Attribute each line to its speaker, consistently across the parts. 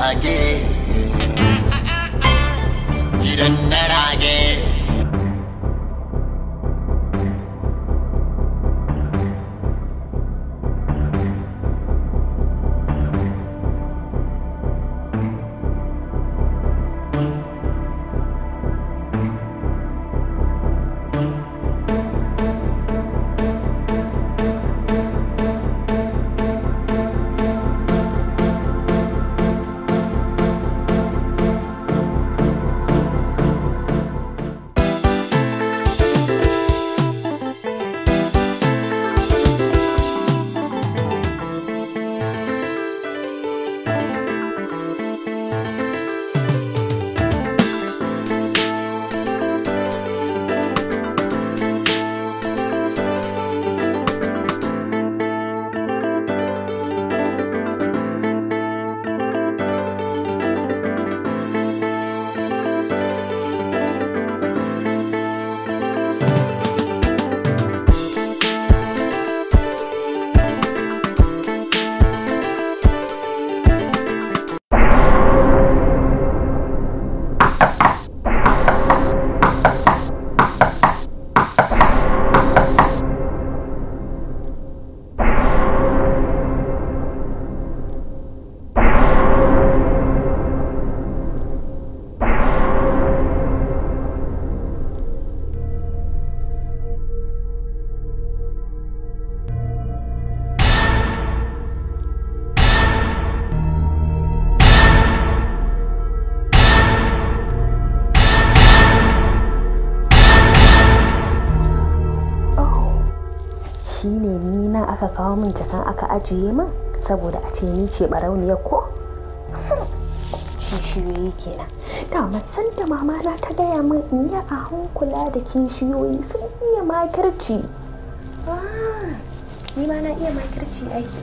Speaker 1: 일어나라게 일어나라게 kawo min jakan aka
Speaker 2: ajiye min saboda a ce ni ce barauniya ko kishiyoyi kenan dama san da mama na ta gaya min in yi a hankula da kishiyoyi sun iya makirci
Speaker 1: ah, ni ma na iya makirci aiki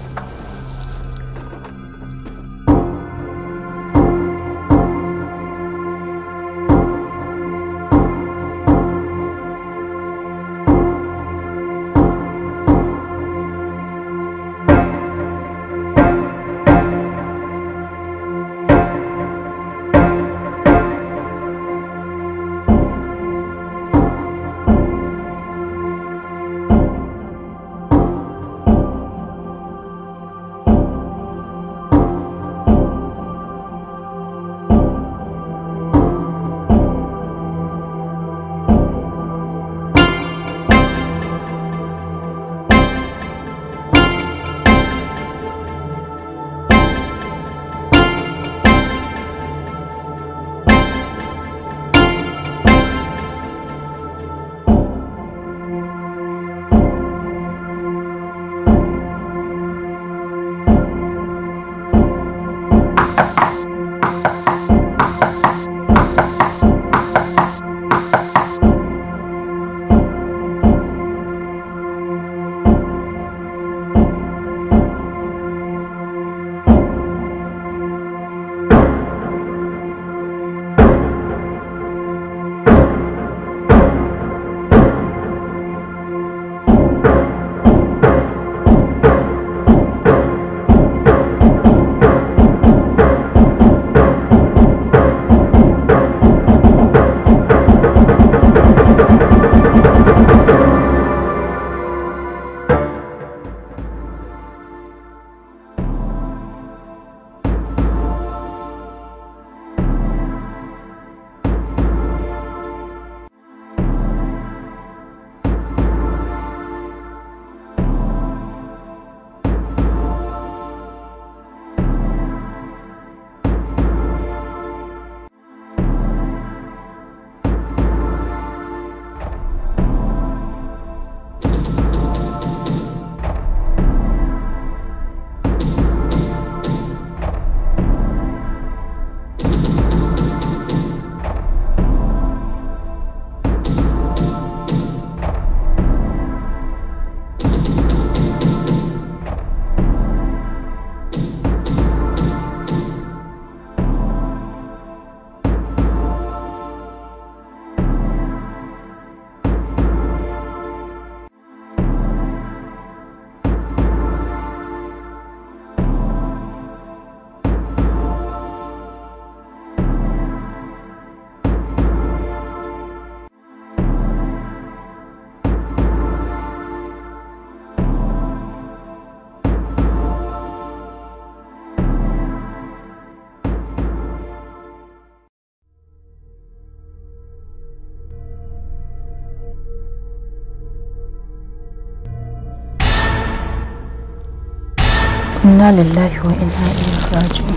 Speaker 1: inna lillahi wa inna ilaihi raji'un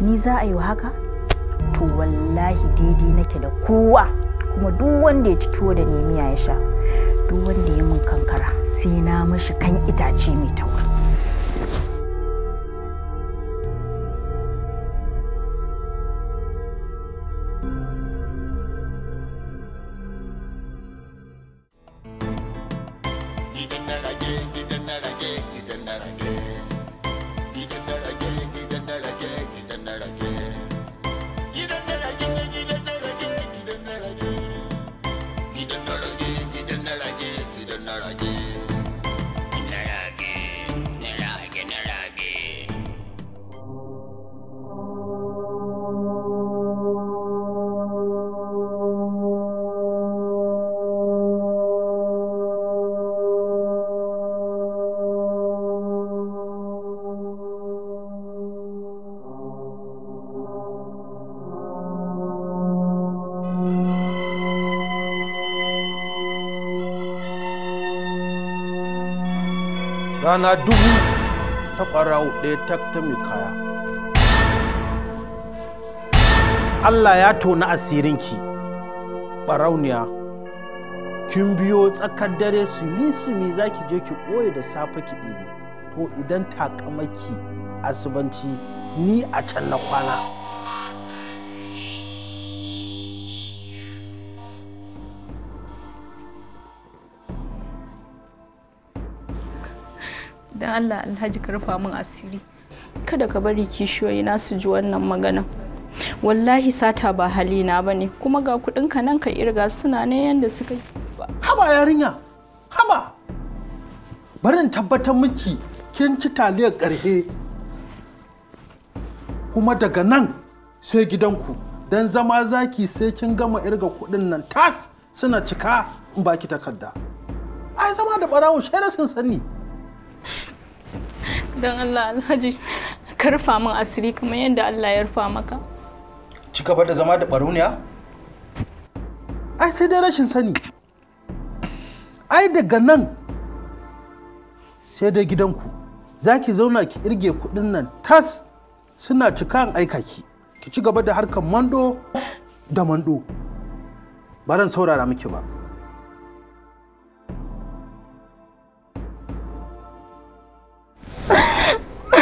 Speaker 3: ni za a yi wa haka to
Speaker 1: wallahi
Speaker 3: daidai nake da kowa kuma duk wanda ya ci tuwo da nemiya ya sha duk wanda ya mun kankara sai na mashi kan itace mai tauri
Speaker 2: rana dubu ta ɓarawo ɗaya tak ta mai kaya Allah ya tona asirinki ɓarauniya kin biyo tsakar dare su sumi-sumi za ki je ki ɓoye da safe ki ɗebe to idan takamaki asibanci ni a can na kwana
Speaker 3: don allah alhaji ka rufa min asiri kada ka bari kishiyoyi na su ji wannan magana wallahi sata ba hali na bane kuma ga ka nan ka irga suna ne yadda suka yi haba yarinya haba
Speaker 2: barin tabbatar miki kin ci taliyar karhe kuma daga nan sai gidanku dan zama zaki sai kin gama irga kuɗin nan tas suna cika in baki takarda ai zama da ɓarawo shaida sun sani don Allah alhaji
Speaker 3: ka rufa min asiri kamar yadda Allah ya rufa maka
Speaker 2: ci gaba da zama da baruniya ai sai dai rashin sani ai daga nan sai dai gidanku za ki zauna ki irge kudin nan tas suna cika aika ki ki ci gaba da harkar mando da mando ba saurara miki ba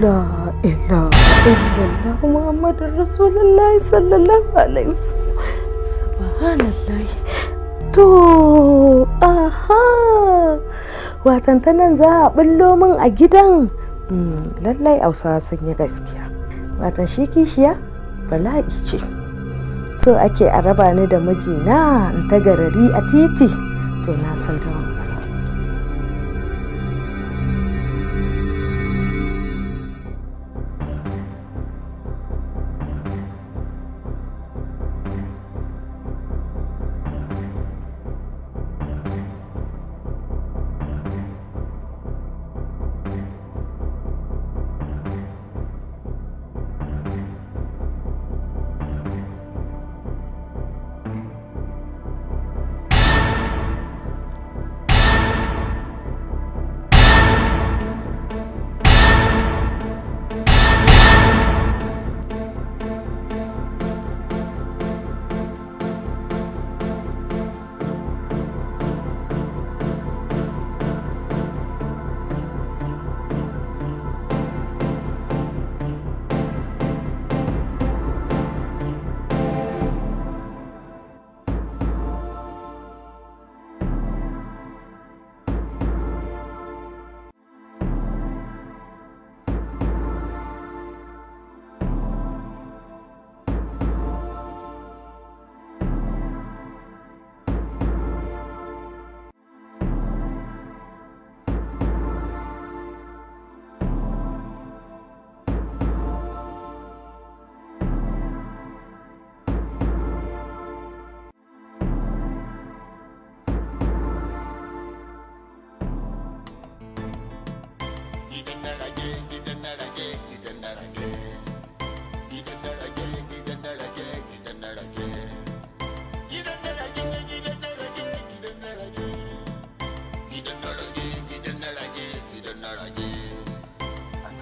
Speaker 1: la ilaha illallah muhammadur rasulullah
Speaker 2: sallallahu alaihi wasallam subhanallah to aha watan ta nan za a bullo min a gidan lallai Hausawa sun yi gaskiya watan shi kishiya bala'i ce so ake a raba ni da mijina in ta garari a titi to na san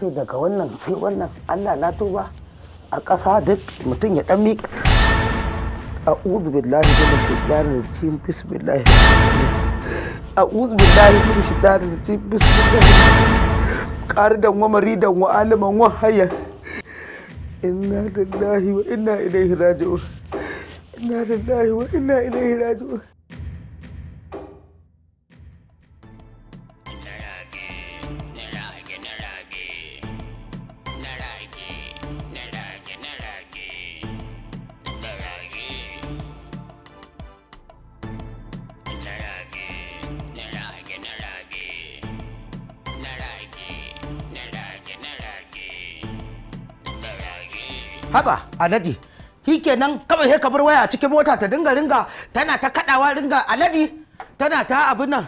Speaker 3: ce daga wannan sai wannan allah na tuba a ƙasa duk mutum ya ɗan miƙa a'udhu billahi min shaitanir rajim bismillah a'udhu billahi min da rajim bismillah
Speaker 2: qaridan wa maridan wa aliman wa hayya inna lillahi wa inna ilaihi raji'un inna lillahi wa inna ilaihi raji'un
Speaker 3: a shi kenan kawai sai ka bar waya cikin mota ta dinga ringa tana ta kadawa ringa aladi tana ta abin nan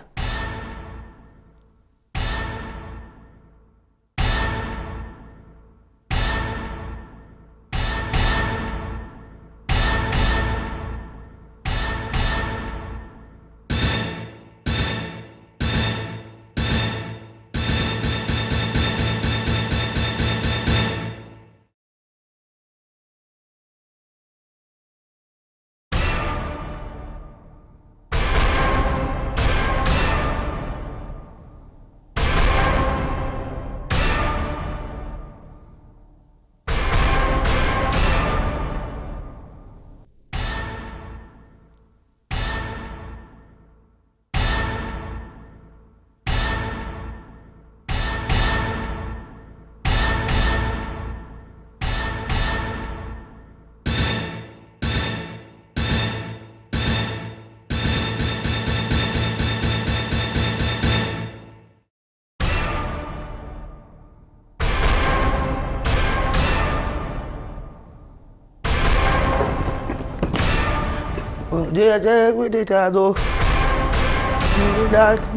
Speaker 3: je je gudu ta zo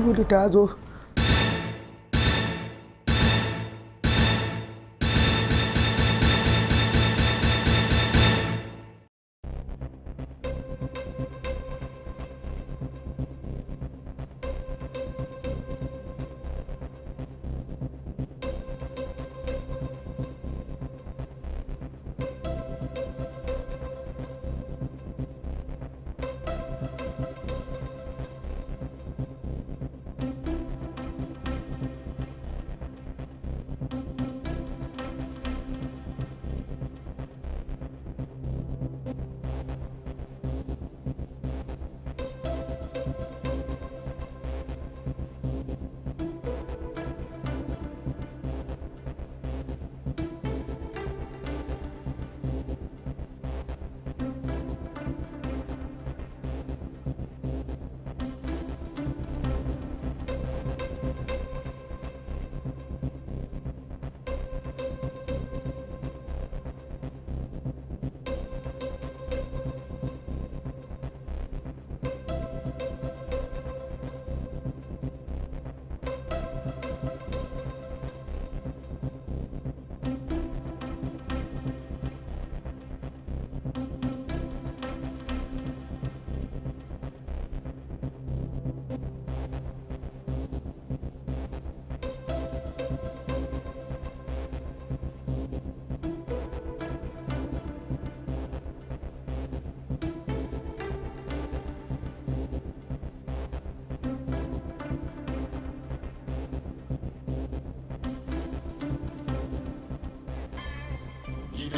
Speaker 3: gudu ta zo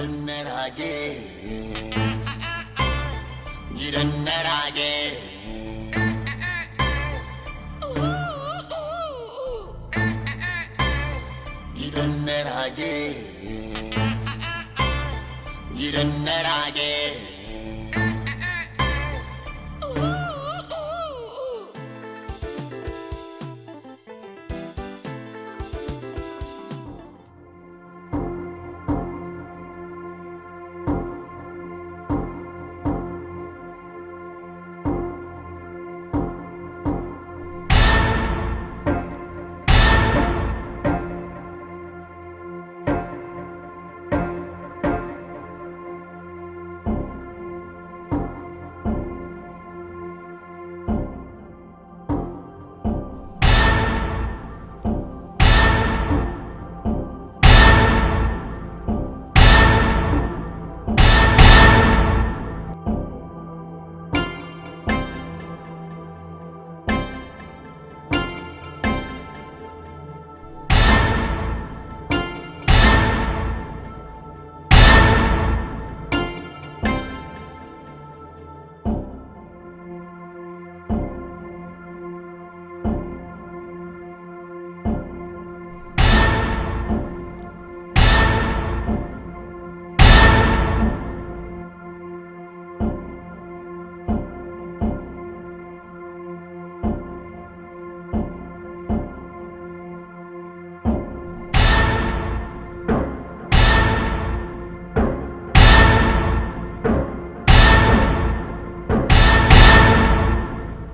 Speaker 1: don't again.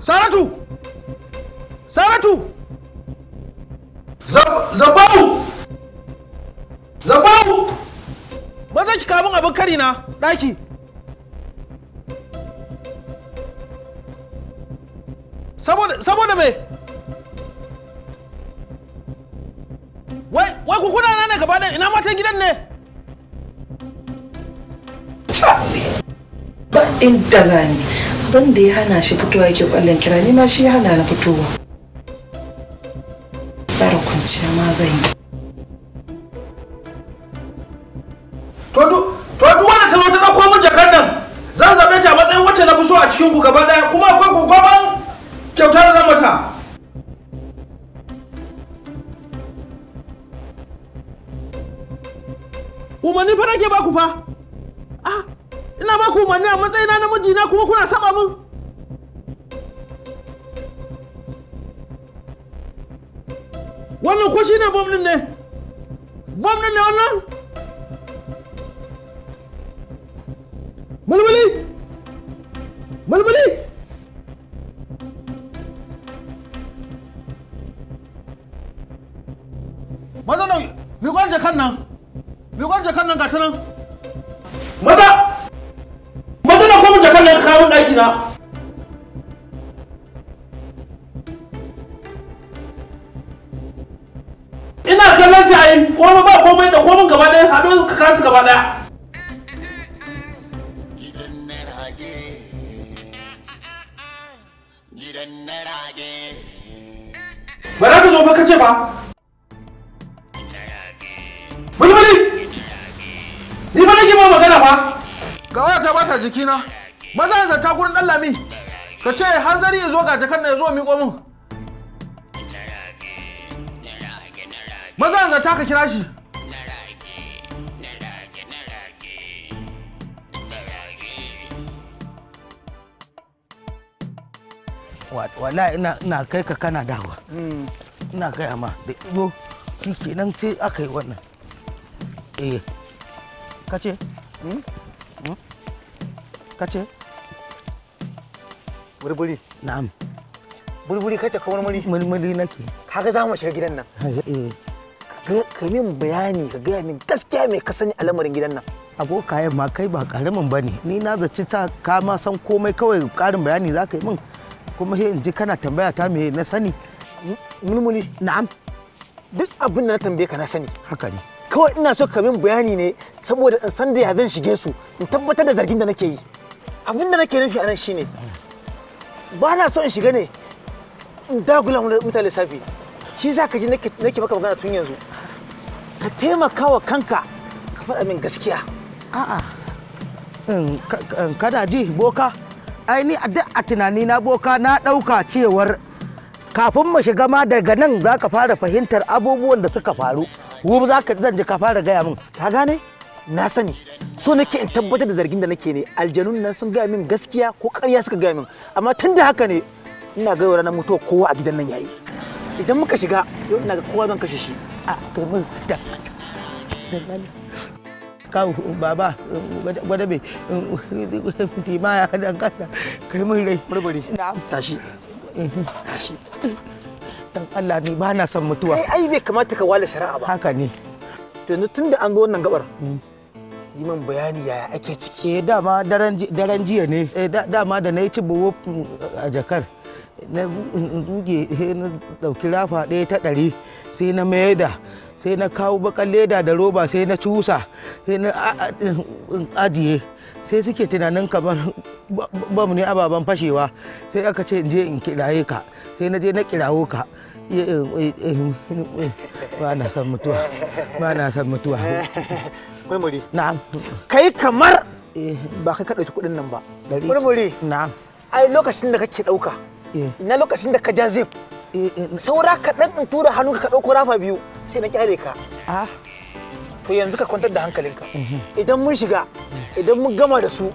Speaker 2: Saratu! Saratu! Zabawu! Zabawu! Maza ki kamun abin kari na sabo Saboda me? Wai, wai kuna na ne gaba ina matan gidan ne?
Speaker 3: Ba inda zani. abin da ya hana shi fitowa yake kwallon kira ni ma shi ya hana na fitowa
Speaker 1: tsara kwanciya
Speaker 3: ma zan yi
Speaker 2: to duk wanda ta zo ta ɗauko min jakar nan zan zaɓe ta a matsayin wacce na fi so a cikin ku gaba ɗaya kuma akwai gwagwaban kyautar na mata umarni ke ba ku fa ah ina ku umarni a matsayina na mijina kuma kuna sa faɗa wannan ko na ne bom ne kasu gaba daya ba za ka zo ba ka ce ba bulbuli ni ba nake ma magana ba ga wata bata jikina maza da ta gurin dan lami ka ce hanzari ya zo ga jakar na ya zo miƙo min maza da ta ka kira shi
Speaker 3: wallahi ina ina kai ka kana dawa hmm. ina kai amma da ibo shikenan sai aka yi wannan eh kace hmm? hmm? kace burburi na'am burburi kace ka murmuri murmuri nake kaga za mu shiga gidan nan eh, eh. ka min bayani ka gaya min gaskiya me ka sani a lamarin gidan nan abokaye ma kai ba karamin bane ni na zaci ta ka ma san komai kawai karin bayani za ka yi min kuma sai in ji kana tambaya ta me na sani mulmuli na'am duk abin da na tambaye ka na sani haka ne kawai ina so ka min bayani ne saboda in san da ya zan shige su in tabbatar da zargin da nake yi abin da nake nufi a nan shine ba na so in shiga ne in dagula mutane lissafi shi za ka ji nake maka magana tun yanzu ka taimaka wa kanka ka faɗa min gaskiya a'a kada ji boka aini ni duk a tunani na boka na ɗauka cewar kafin mu shiga ma daga nan za ka fara fahimtar abubuwan da suka faru wuri za ka zan ji ka fara gaya min ka gane na sani so nake in tabbatar da zargin da nake ne aljanun nan sun gaya min gaskiya ko ƙarya suka gaya min amma tun da haka ne ina ga ranar mutuwa kowa a gidan nan yayi idan muka shiga yau ina ga kowa zan kashe shi a kai da kawo baba gwadabe timaya dan kalla kai mun rai burburi tashi mhm. tashi dan Allah ni ba na son mutuwa ai ai bai kamata ka wala shari'a ba haka ne to yanzu tunda an ga wannan gabar mm. yi min bayani yaya ake ciki eh dama daren jiya ne eh dama da na yi buwo a jakar na zuge na dauki rafa ɗaya ta ɗari sai na maida da sai na kawo bakan leda da roba sai na cusa sai na ajiye sai suke tunanin kamar bam ne ababen fashewa sai aka ce je in kiraye ka sai na je na kirawo ka eh, eh, eh, ba na san mutuwa ba na san mutuwa murmuri na'am kai kamar ba kai ka kuɗin nan ba murmuri na ai lokacin da kake ɗauka na lokacin da ka ja zai Eh, eh, saura kaɗan in tura hannu ka ɗauko rafa biyu sai na kyale ka ko ah. yanzu ka kwantar da hankalinka mhm. idan mun shiga idan mun gama da su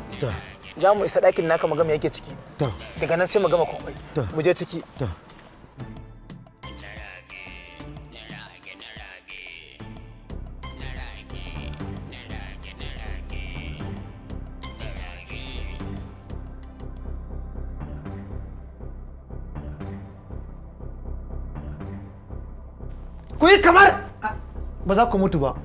Speaker 3: za mu isa ɗakin naka magama yake ciki daga nan sai mu gama kwakwai mu je ciki ni kamar ba za ku mutu ba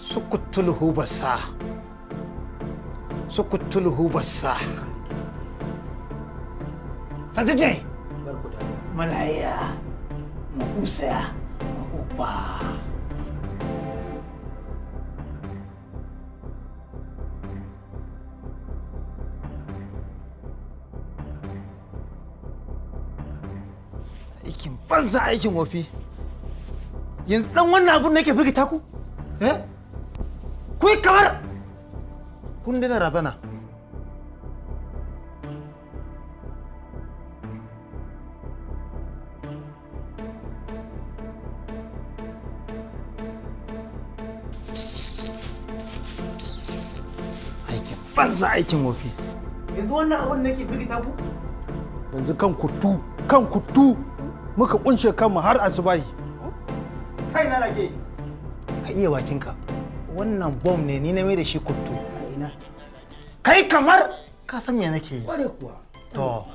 Speaker 3: sukutulhu basah. sukutulhu basah. Sadije! Malaya, makusaya, makupa. Aikin banza aikin wofi. Yanzu dan wannan abun na firgita ku? Eh? Ku kamar kun na razana. banza aikin wofi yanzu wannan abun nake firgita ku yanzu kan kutu kan kutu muka kunshe kanmu har asubahi kai na lake ka iya bakinka wannan bom ne ni na mai da shi kutu kai kamar ka san me nake yi kware kuwa to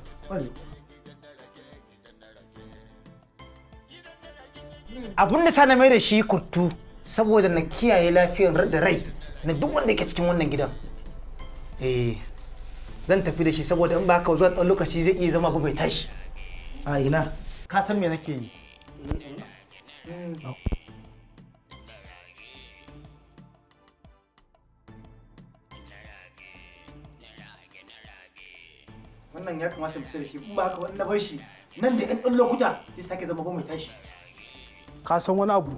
Speaker 3: abun da sana mai da shi kutu saboda na kiyaye lafiyar da rai na duk wanda ke cikin wannan gidan eh zan tafi da shi saboda in ba ka zuwa ɗan lokaci zai iya zama bai tashi a ina ka san me nake yi wannan ya kamata mu da shi in ba ka wani na bar shi nan da ɗan ɗan lokuta zai sake zama bai tashi
Speaker 2: ka san wani abu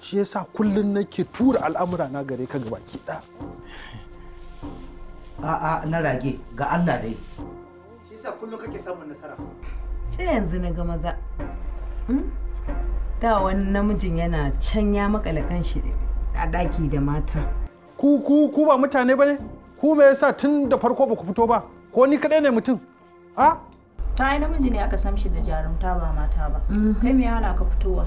Speaker 2: shi yasa kullum nake tura al'amura na gare ka gabaki ɗaya a'a
Speaker 3: na rage ga Allah dai shi yasa kullum kake samun nasara ce yanzu na ga maza hmm? da wani namijin yana can ya makale kanshi a daki da mata
Speaker 2: ku ku ku ba mutane bane ku me yasa tun da farko ba ku fito ba ko ni kadai ne mutum
Speaker 3: a ta namiji ne aka san shi da jarumta ba mata ba mhm. kai me yana ka fitowa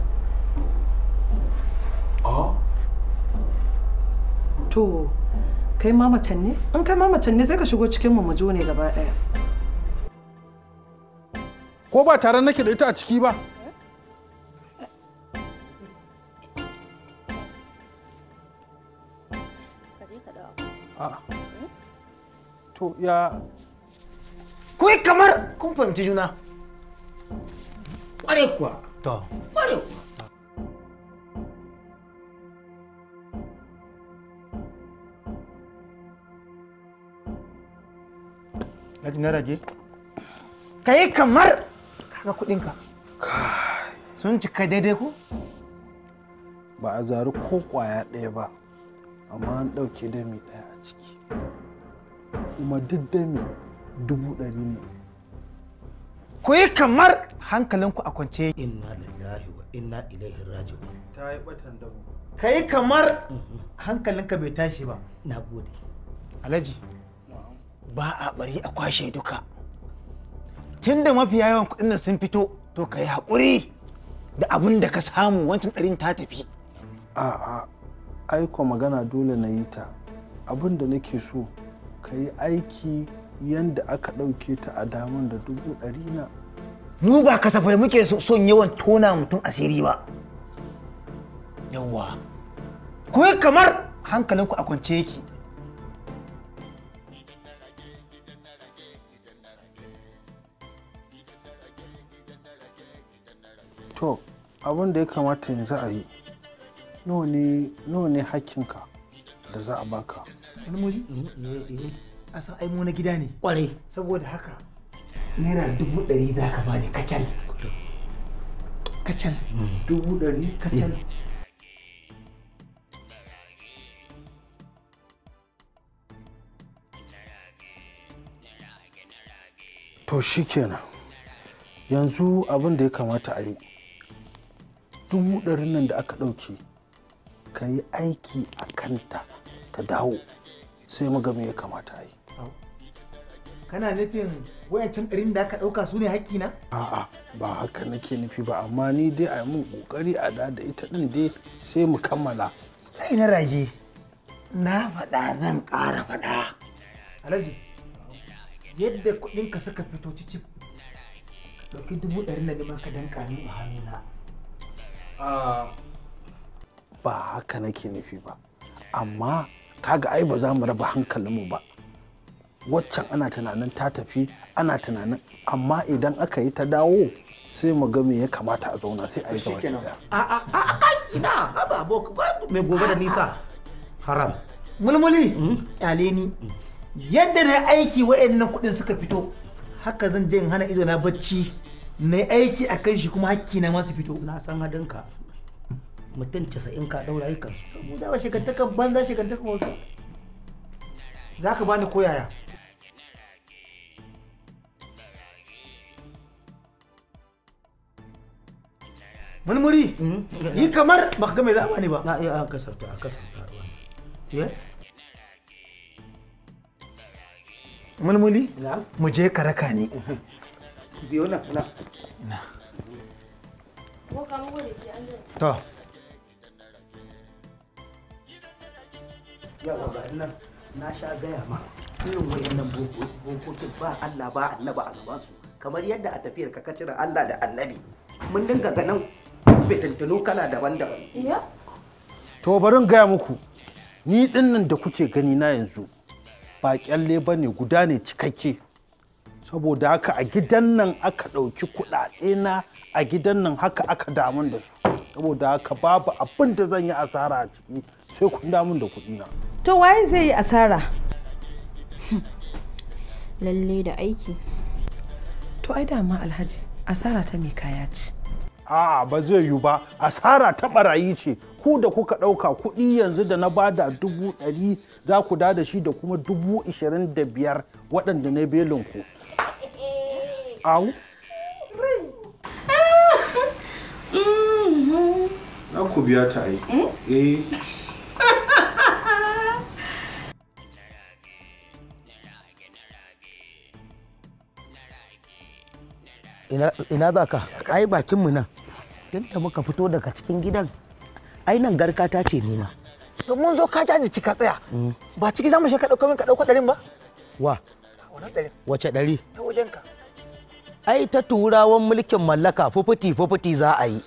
Speaker 2: to kai ma macen ne in kai ma macen ne sai ka shigo cikin mu mu ne gaba daya ko ba tare nake da ita a ciki ba to ya Ku kamar kun fahimci juna
Speaker 3: ƙware kuwa to ƙware kuwa alhaji na rage ka yi kamar kaga kudinka sun cika daidai ku.
Speaker 2: ba a zaru ko kwaya ɗaya ba amma an ɗauke dami ɗaya a ciki
Speaker 3: kuma duk dami dubu ɗari ne ku yi kamar hankalinku a kwance inna lillahi wa inna ilaihi raji'un ta yi batan damu
Speaker 2: ka yi kamar
Speaker 3: mhm. hankalinka bai tashi ba na gode alhaji ba a bari a kwashe duka tun da mafiya yawan kuɗin nan sun fito to ka yi haƙuri da abin da ka samu wancan ɗarin ta tafi a'a
Speaker 2: aiko magana dole na yi ta abin da nake so ka yi aiki yadda aka ɗauke ta a damar da dubu ɗari na mu ba kasafai
Speaker 3: muke son yawan tona mutum asiri ba yawwa ko kamar hankalinku a kwance yake
Speaker 2: to abin da ya kamata yanzu a yi
Speaker 3: nawa ne hakkinka
Speaker 2: da za a baka
Speaker 3: almoji a san aimo na gida ne kwarai saboda haka naira dubu ɗari za ka bani kacal kacal mm. dubu ɗari kacal mm.
Speaker 2: to shi kenan yanzu abin da ya kamata a yi dubu ɗarin nan da aka ɗauke ka yi aiki a kanta ka dawo sai mu me ya kamata a yi
Speaker 3: kana nufin wayancin ɗarin da aka ɗauka su ne na.
Speaker 2: a'a ba haka nake nufi ba amma ni dai a yi mun ƙoƙari a da da ita ɗin dai sai mu kammala
Speaker 3: kai na rage na faɗa zan ƙara faɗa alhaji yadda ka saka fito cicip ɗauki dubu ɗari na neman ka danka ni a hannuna
Speaker 2: ba haka nake nufi ba amma kaga ai ba za mu raba hankalinmu ba waccan ana tunanin ta tafi ana tunanin amma idan aka yi ta dawo sai mu ga me ya kamata a zauna sai a yi gaba
Speaker 3: a a a a ina haba abok
Speaker 2: mai gobe da nisa
Speaker 3: haram mulmuli hmm? kyale hmm. yadda na aiki waɗannan kuɗin suka fito haka zan je in hana ido na bacci na aiki a kan shi kuma hakki na masu fito na san hadin ka mutum casa'in ka daura yi kansu mu za ba shigantakan banza shigantakan wata za ka bani koyaya murmuri mm-hmm. yi kamar ba ka ga mai zaɓa ne ba na iya eh, an kasarta a kasarta mulmuli mu je ka raka ni mm-hmm. biyo nan nan ina to yawa ga nan na sha gaya ma irin wayannan bokokin ba Allah ba annaba a gaban su kamar yadda a tafiyar ka kacira Allah da annabi mun dinga ganin fitintunu kala daban-daban to
Speaker 2: bari in gaya muku ni dinnan da kuke gani na yanzu ba kyalle ba ne guda ne cikakke saboda haka a gidan nan aka ɗauki kuɗaɗe na a gidan nan haka aka damun da su saboda haka babu abin da zan yi asara a ciki sai kun damun da kuɗi na to waye zai yi asara lalle da aiki to ai dama alhaji asara ta mai kaya ce a'a ba zai yiwu ba asara ta barayi ce ku da kuka ɗauka kuɗi yanzu da na bada dubu ɗari za ku da da shi da kuma dubu ishirin da biyar waɗanda na ku. Au. Na ku biya ta yi. Eh.
Speaker 3: Ina za ka? Ai bakinmu nan. Tun da muka fito daga cikin gidan, ai nan garkata ce nuna. To mun zo ka jaji cika tsaya. Mm. Ba ciki za mu shi ka ɗauko min ka ɗauko ɗarin ba? Wa? Wace ɗari? Ta wajenka. ai ta turawan mulkin mallaka fufuti fufuti za a yi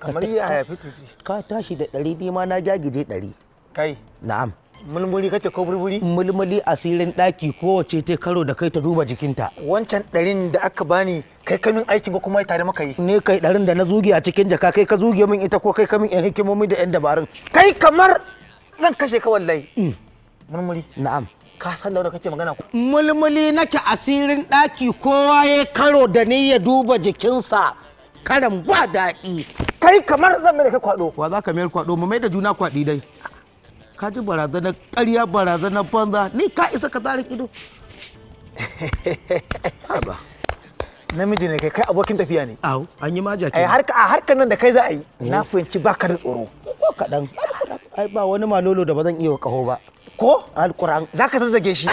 Speaker 3: kamar yi a fufuti ka tashi da ɗari ni ma na jagije ɗari kai na'am mulmuli kake ko burburi mulmuli asirin ɗaki kowace ta karo da kai ta duba jikinta wancan ɗarin da aka bani kai kamin aikin ko kuma tare maka yi ne kai ɗarin da na zuge a cikin jaka kai ka zuge min ita ko kai kamin yan hikimomi da yan dabarun kai kamar zan kashe ka wallahi mm. mulmuli na'am ka san da wanda kake magana ko mulmuli nake asirin daki kowa ya karo da ni ya duba jikinsa karan ba daɗi kai kamar zan mai da kwado wa za ka mayar kwado mu mai da juna kwadi dai ka ji barazana ƙarya barazanar banza ni ka isa ka tsarin ido haba namiji ne kai kai abokin tafiya ne aw an yi maja ke harka a harkar nan da kai za a yi eh. na fahimci baka da tsoro ko kadan ai ba wani malolo da ba zan iya kaho ba ko alquran zaka zazzage shi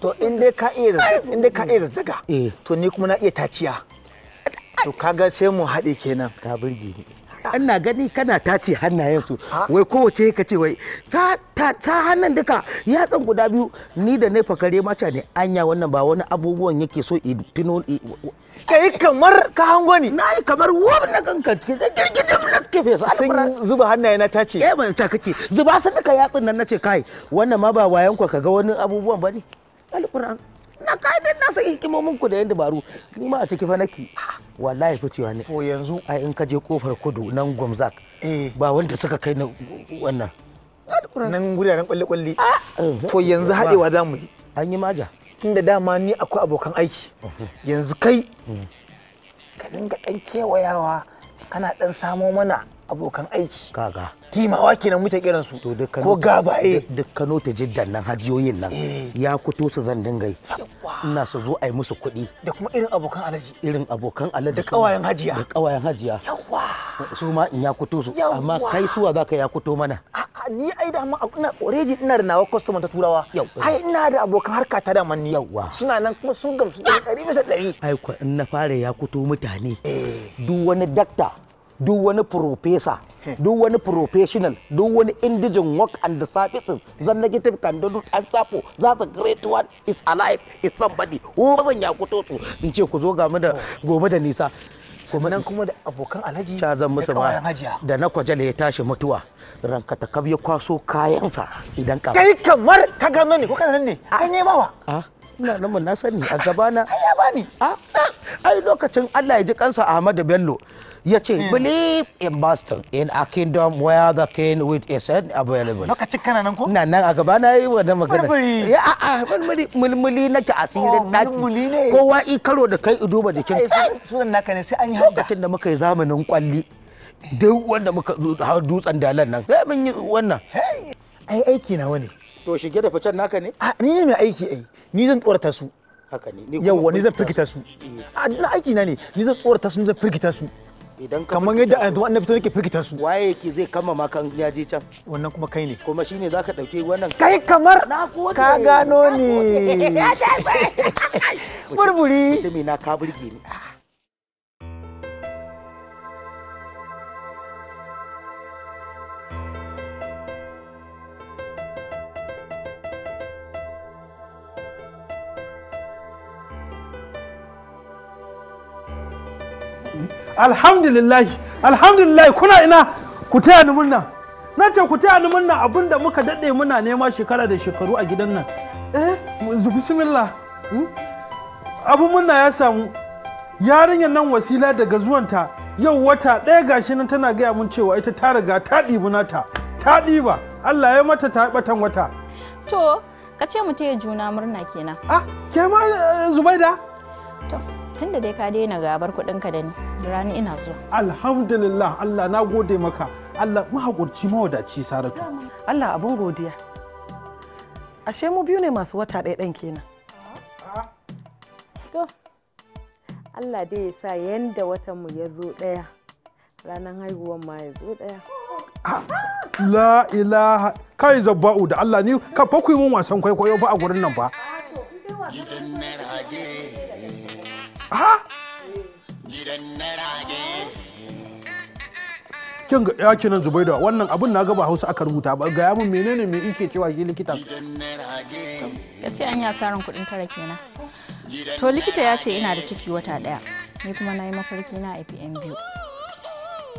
Speaker 3: to inda ka iya in ka iya zazzaga eh. to ni kuma na iya taciya to kaga sai mu haɗe kenan ka burge ni ina gani kana hannayen hannayensu wai kowace ka ce wai ta hannun duka ya tsan guda biyu ni da ne fakare mace ne anya wannan ba wani abubuwan yake so tuno ka yi kamar ka hango ni na yi kamar wab na kanka girgijin na kefe su sun zuba hannaye na tace eh ban ta kake zuba sun ka yatsun nan nace kai wannan ma ba wayan ka ga wani abubuwan bane alquran na kai dan na san hikimomin ku da yan dabaru ni ma a ciki fa nake wallahi fitiwa ne to yanzu ai in ka je kofar kudu nan gomzak eh. ba wanda suka kai na wannan nan guraren kwalle-kwalle ah! to yanzu haɗewa za mu yi an yi maja tunda dama ni akwai abokan aiki yanzu kai ka dinga dan kewayawa kana dan samo mana abokan aiki kaga timawa kenan muke kiran su ko gabaye dukkan ta jiddan nan hajiyoyin nan eh. ya kuto su zan dinga ina su zo ai musu kuɗi da kuma irin abokan alaji irin abokan alaji da kawayen hajiya da kawayen hajiya yawa su ma in ya kuto su amma kai suwa zaka ya kuto mana ni ai da ma ina already ina da nawa customer ta turawa ai ina da abokan harka ta da man ni yawa suna nan kuma sun gamsu da 100 bisa 100 ai ko in na fare ya kuto mutane eh. duk wani dakta duk wani professor duk wani professional duk wani indigen work and the services zan negative da duk an sapo za su create one is alive is somebody ko zan ya kuto su in ce ku zo ga mu da oh. gobe da nisa nan kuma da abokan alhaji ta zan musu ba da na kwajale ya tashi mutuwa ranka ta ya kwaso kayansa idan ka kai kamar ka gano ne ko ka nan ne ah. ai ne bawa ah. ina nan na sani a gabana ai ya bani ah. ai lokacin Allah ya ji kansa Ahmadu Bello ya ce hmm. believe in boston in a kingdom where the king with a set available lokacin kana nan ko nan nan a gaba na yi wannan magana ya a a mulmuli mulmuli nake asirin ne kowa i karo da kai duba jikin eh, sunan naka ne sai an yi hadda lokacin da muka yi zamanin kwalli duk wanda muka har dutsen dalan nan sai mun yi wannan ai aiki na wani to shige da ficen naka ne a ni mai ah, aiki ai ni zan tsorata su haka ne yawwa ni zan firgita su a aiki na ne ni zan tsorata su ni zan firgita su idan kamar yadda a na fito nake firgita su waye ke zai kama ma kan ya je can wannan kuma kai ne kuma shine zaka dauke wannan kai kamar ka gano ni
Speaker 1: burburi mutumi
Speaker 3: na ka burge ni ah.
Speaker 2: alhamdulillah alhamdulillah kuna ina ku taya ni murna na ce ku taya ni murna abin da muka daɗe muna nema shekara da shekaru a gidan nan eh bismillah hmm? abin murna ya samu yarinyar nan wasila daga zuwanta yau wata ɗaya gashi nan tana gaya mun cewa ita ta riga ta ɗibi nata ta ɗiba Allah ya mata ta batan wata
Speaker 3: to ka ce mu taya juna murna kenan ah
Speaker 2: ke ma eh, zubaida to tunda dai ka daina gabar kuɗinka da ni da rani ina zuwa alhamdulillah Allah na gode maka Allah mahaƙurci mawadaci saratu Allah abin godiya ashe mu biyu ne masu wata ɗaya ɗan kenan to Allah dai ya sa yanda watan mu ya zo ɗaya ranar haihuwan ma ya zo ɗaya la ilaha kai zabba'u da Allah ni ka yi mun wasan kwaikwayo ba a gurin nan ba. ha gidan na rage kin ga ya kinan zubaida wannan abun na gaba hausa aka rubuta ba ga yamin menene me yake cewa shi likita ya ce an yi asarar kuɗin tara kenan to likita ya ce ina da ciki wata ɗaya ni kuma na yi mafarki na IPM biyu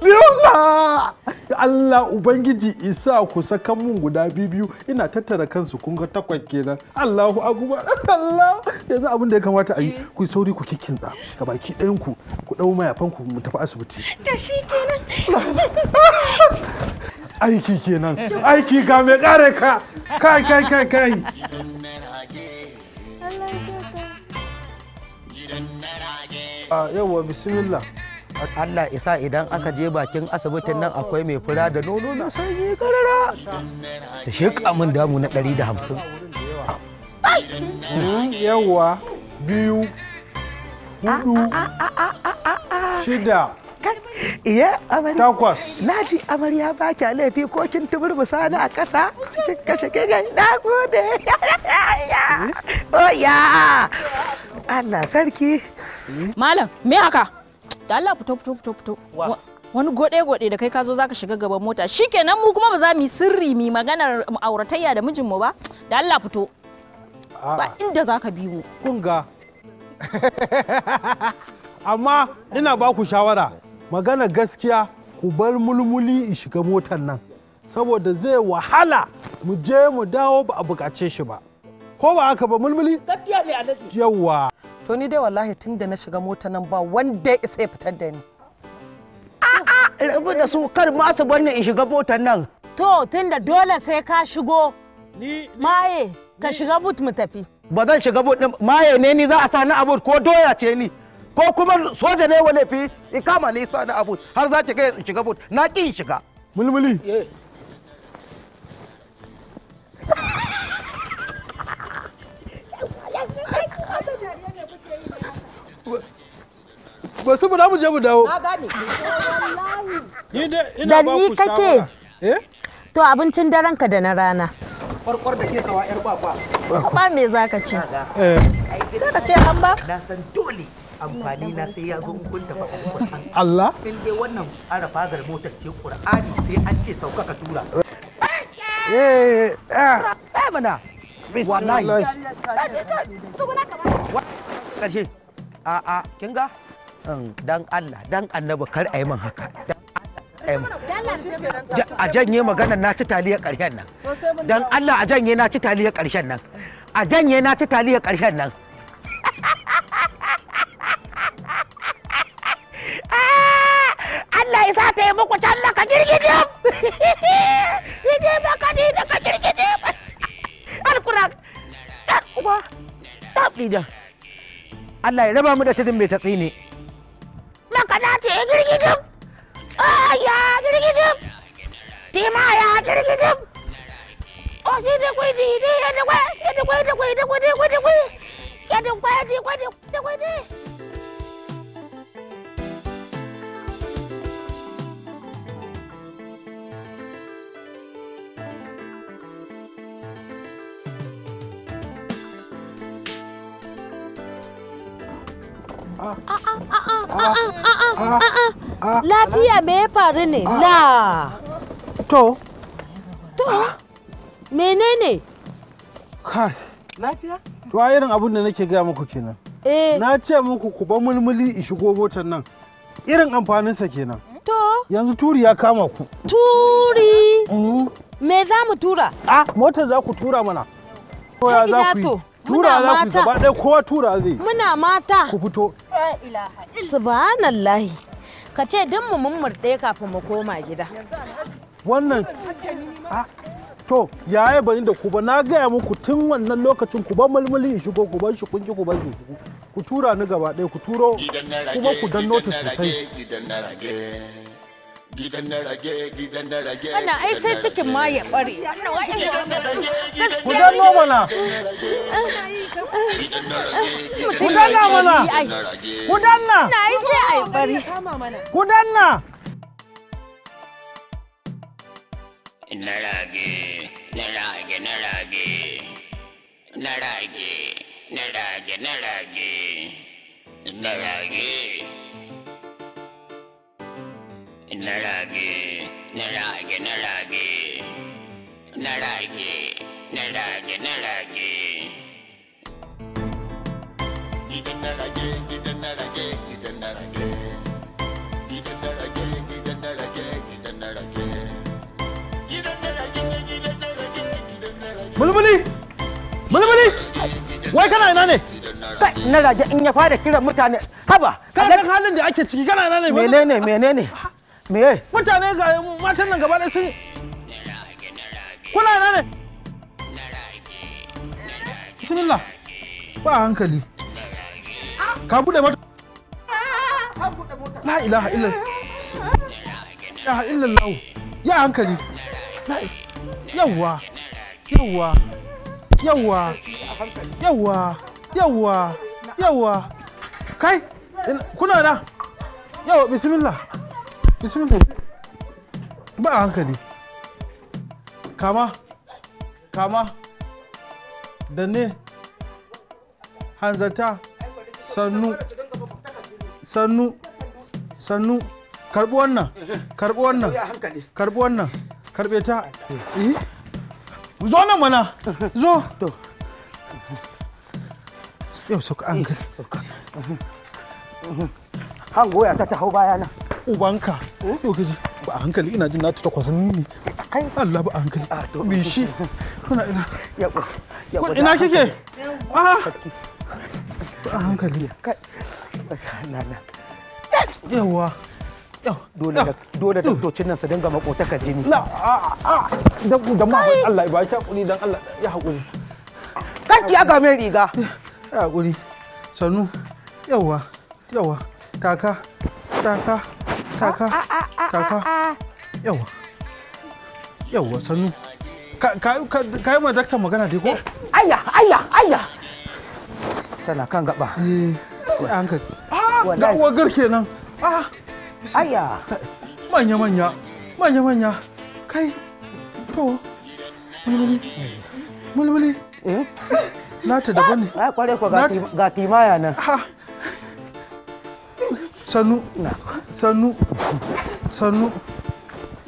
Speaker 2: yalla Allah Ubangiji isa ku saka mun guda biyu ina tattara kansu kun ga takwas kenan. Allahu akbar Allah yanzu abin da ya kamata a yi eh. ku sauri ku kikkinta ga baki ɗayan ku ku dau mayafan ku mu tafi asibiti.
Speaker 1: Ta shi kenan.
Speaker 2: Aiki kenan. Aiki ga mai kare ka. Kai kai kai kai. Allah ya
Speaker 3: Ah yawa bismillah. Allah isa idan aka je bakin asibitin nan akwai mai fura da nono na sanyi karara ta sheƙa min damu na 150 yawa biyu hudu shida iya amarya takwas na ji amarya ba kya laifi ko kin tumurmusa musana a ƙasa kin kashe kigan na gode oya Allah sarki malam me haka da Allah fito fito fito fito wani gode gode da kai ka zo zaka shiga gaban mota shikenan mu kuma ba za mu sirri mu maganar auratayya da mijinmu ba da Allah fito
Speaker 1: ah. ba
Speaker 2: inda zaka bi mu kun amma ina ba ku shawara magana gaskiya ku bar mulmuli in shiga motar nan saboda zai wahala mu je mu dawo ba a bukace shi ba ko ba haka ba mulmuli
Speaker 3: gaskiya ne alhaji yawa to ni dai wallahi tun da na shiga mota nan ba wanda ya isa ya fitar da ni a'a rabu da su kar ma su bar in shiga motar nan to tun da dole sai ka shigo ni maye ka shiga but mu tafi ba zan shiga but din maye ne ni za a sa ni abut ko doya ce ni ko kuma soja ne wa laifi ikama ne sa ni abut har za ki ga shiga but na ki shiga mulmuli eh.
Speaker 2: ba su mu je
Speaker 3: mu dawo
Speaker 1: na
Speaker 2: ni da ina ba ku shawara
Speaker 3: eh to abincin daren ka da na rana kwarkwar da ke kawa yar kwakwa kwakwa me zaka ci eh.
Speaker 1: sai ka ce an
Speaker 3: ba na san dole amfani na sai ya zo in kun tafi kun Allah in dai wannan arafa gar motar ce Qur'ani sai an ce sauka ka tura eh eh, eh, eh mana wallahi karshe a a kin Mm, dan Allah dan annaba kar a yi min haka a janye magana na ci taliyar ƙarshen nan dan Allah a janye na ci taliyar ƙarshen nan a janye na ci taliyar ƙarshen nan
Speaker 1: Allah ya sa ta yi muku talla ka girgije
Speaker 3: yaje ba ka ji da ka girgije alkuran dan uba tabi da Allah ya raba mu da tudun mai tatsi ne
Speaker 1: Baka dace girgijin. Aya ah, girgijin. Tema ya girgijin.
Speaker 3: O oh, si da kwai di ne ya da kwai ya da kwai da kwai da kwai da kwai da kwai. Ya da kwai di kwai da kwai da kwai.
Speaker 2: Lafiya me ya faru ne? La. To. To. Menene? Kai. Lafiya? To a irin abin da nake gaya muku kenan. Eh. Na ce muku ku ba mulmuli i shigo motar nan. Irin amfaninsa kenan. To. Yanzu turi ya kama ku. Turi.
Speaker 3: Me za mu tura?
Speaker 2: Ah, motar za ku tura mana. Ko ya za ku tura za ku gaba ɗaya kowa tura zai muna
Speaker 3: mata ku fito subhanallahi ka ce don mu mummurɗe kafin mu koma gida wannan
Speaker 2: to yaya bani da ku ba na gaya muku tun wannan lokacin ku ba mulmuli in shigo ku ban shi kunki ku ban shi ku tura ni gaba ɗaya ku turo kuma ku dan notice
Speaker 3: sosai gidan na rage gidan na rage wannan ai sai cikin
Speaker 1: ma ya bare ku danno mana ku danna mana ku danna na ai sai ai bare ku danna na rage na rage na rage na rage na rage na rage na rage na rage na rage na rage na rage na rage na rage na rage na rage na rage na rage na rage na rage na
Speaker 2: rage na rage na rage wai kana ina ne na rage in ya fara kiran mutane haba halin da ake ciki kana
Speaker 3: ina ne menene menene me
Speaker 2: mutane ga matan nan gaba da sun kuna na ne bismillah ba hankali ka bude mata
Speaker 3: la ilaha illa
Speaker 2: la illa law ya hankali yawwa yawwa yawwa yawwa yawwa yawwa kai kuna na yawwa bismillah bismillah ba hankali kama kama da ne hanzarta sannu sannu wannan karbi ta eh, zo nan mana zo ta hau bayana ubanka to ji ba a hankali ina jin nata takwas ne kai Allah ba
Speaker 3: a hankali me shi kuna ina ya yabo ina kike ah! A! ba a hankali kai na na yawa dole da dole da tocin nan sa dinga makotaka jini la
Speaker 1: a a
Speaker 2: da da ma Allah ba baki kuni dan Allah ya hakuri
Speaker 3: kaki aka mai riga
Speaker 2: ya hakuri sanu yawa yawa kaka, kaka. kaka kaka ah, ah, ah, yawa yawa sannu ka yi madaktar magana dai ko? ayya ayya ayya tana kan gaba eh. sai an ka ga wagar kenan ayya manya manya manya manya kai to mulmuli mulmuli eh nata daban ne kwarai ko ga timaya nan sannu sannu sannu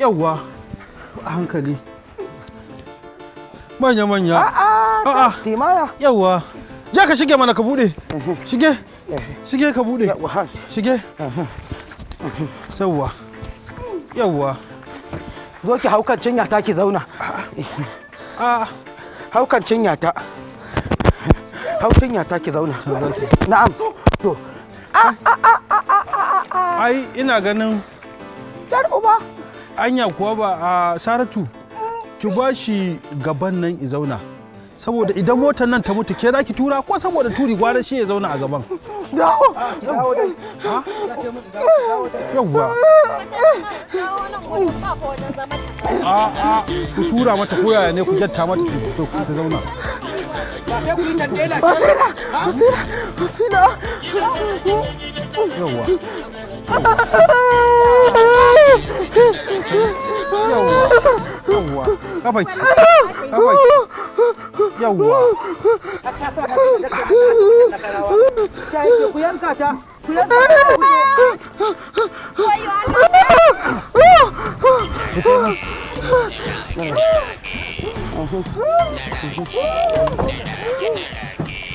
Speaker 2: yawwa a hankali manya-manya a'a timaya yawwa ja ka shige mana ka bude shige shige ka bude shige yawwa yawwa zo ki haukan cinya ta ki zauna
Speaker 3: a'a haukan cinya ta haukan cinya ta ki zauna na'am to a'a ai
Speaker 2: ina ganin yar uba anya kuwa ba a saratu ki ba shi gaban nan i zauna saboda idan motar nan ta mutu ke za ki tura ko saboda turi gwara shi ya zauna a gaban dawo ah, yawwa a a ku tura mata ne ku jatta mata ku ta zauna
Speaker 3: basira
Speaker 1: basira basira yawwa yawwa kafaki kafaki yawwa ku yanka ta ku yanka ta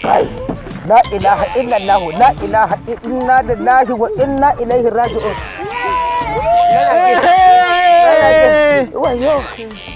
Speaker 3: Kai! la ilaha illallah la ilaha inna lillahi wa inna ilaihi
Speaker 1: raji'un